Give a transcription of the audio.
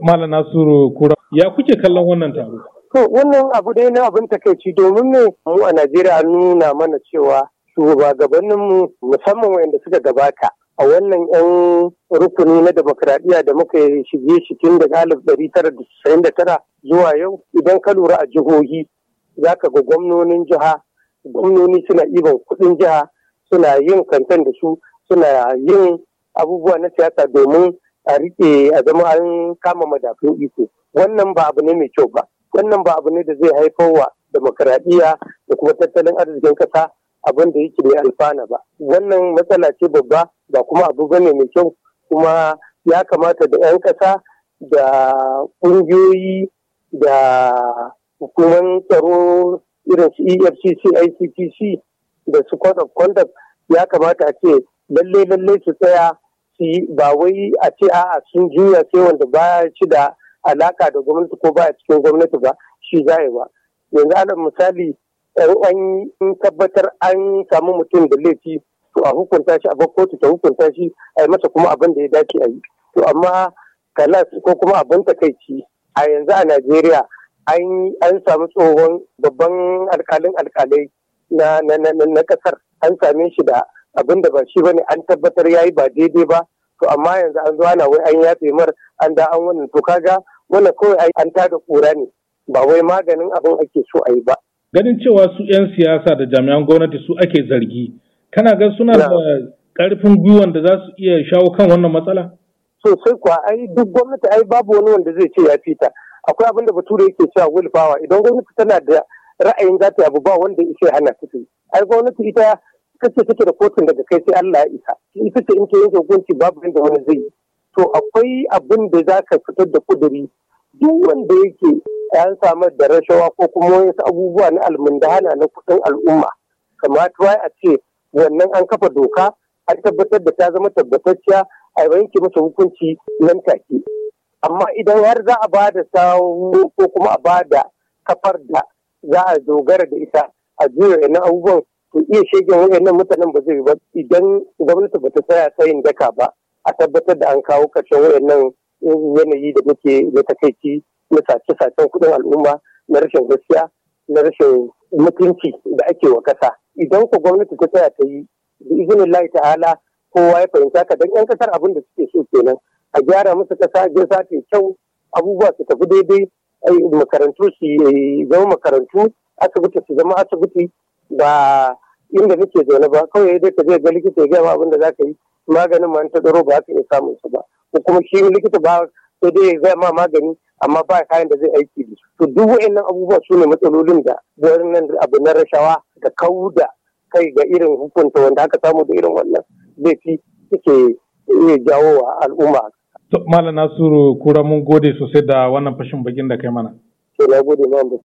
Malam Nasiru Kura, ya kuke kallon wannan taro? To wannan abu dai na abin takaici domin ne mu a Najeriya nuna mana cewa shugabanninmu musamman wayanda suka gabata a wannan 'yan rukuni na demokradiyya da muka shige shi tun daga alif dari tara da casa'in da tara zuwa yau idan ka lura a jihohi za ka ga gwamnonin jiha gwamnoni suna iban kuɗin jiha suna yin kantan da su suna yin abubuwa na siyasa domin a riƙe a zama an kama madafin iko wannan ba abu ne mai kyau ba wannan ba abu ne da zai haifar wa demokaradiyya da kuma tattalin arzikin ƙasa abin da yake mai alfana ba wannan matsala ce babba ba kuma abu bane mai kyau kuma ya kamata da 'yan ƙasa da ƙungiyoyi da hukumar tsaro irin su efcc icpc da su code of conduct ya kamata a ce lalle lalle su tsaya su yi ba wai a ce a sun juya sai wanda ba shi da alaka da gwamnati ko ba a cikin gwamnati ba shi za yi ba yanzu ana misali eh, an tabbatar an samu mutum da laifi to a hukunta shi a bar kotu ta hukunta shi a yi masa kuma abin da ya dace a yi to amma kalas ko kuma abin takaici a yanzu a najeriya an samu tsohon babban alkalin alkalai na kasar an same shi da abin da ba shi bane an tabbatar yayi ba daidai ba to amma yanzu an zo ana wai an yafe mar an da an wannan to kaga wannan kawai an tada kura ne ba wai maganin abin ake so a yi ba ganin cewa su 'yan siyasa da jami'an gwamnati su ake zargi kana ga suna da karfin gwiwan da za su iya shawo kan wannan matsala sosai kuwa ai duk gwamnati ai babu wani wanda zai ce ya fita akwai abin da bature yake cewa will power idan gwamnati tana da ra'ayin za ta abu ba wanda ya hana ta ai gwamnati ita kace take da kotun daga kai sai Allah ya isa ita ce in ke yanke hukunci babu inda wani zai to akwai abin da za ka fitar da kuduri duk wanda yake yan samar da rashawa ko kuma wasu abubuwa na almundana na kudin al'umma kamata a ce wannan an kafa doka an tabbatar da ta zama tabbatacciya a yanke masa hukunci nan take amma idan har za a ba da sawu ko kuma a ba da kafar da za a dogara da ita a juya na abubuwan to iya shegen wayannan mutanen ba zai ba idan gwamnati ba ta tsaya tsayin daka ba a tabbatar da an kawo ƙarshen wayannan yanayi da muke na takaici na sace-sacen kuɗin al'umma na rashin gaskiya na rashin mutunci da ake wa kasa idan ko gwamnati ta tsaya ta yi da izinin lahi ta'ala kowa ya fahimta ka don 'yan kasar abin da suke so kenan a gyara musu kasa gasa kyau abubuwa su tafi daidai makarantu su eh, zama makarantu asibiti su zama asibiti ba inda nake zaune ba kawai dai ka je ga likita ya gaya ma abin da za ka yi maganin ma ta tsaro ba ka iya samun su ba ko kuma shi likita ba sai dai ya gaya ma magani amma ba kayan da zai aiki da to duk wa'annan abubuwa su ne matsalolin da nan abu na rashawa da kauda kai ga irin hukunta wanda aka samu da irin wannan fi suke iya jawo wa al'umma. Malam Nasiru kura mun gode sosai da wannan fashin bakin da kai mana. To na gode ma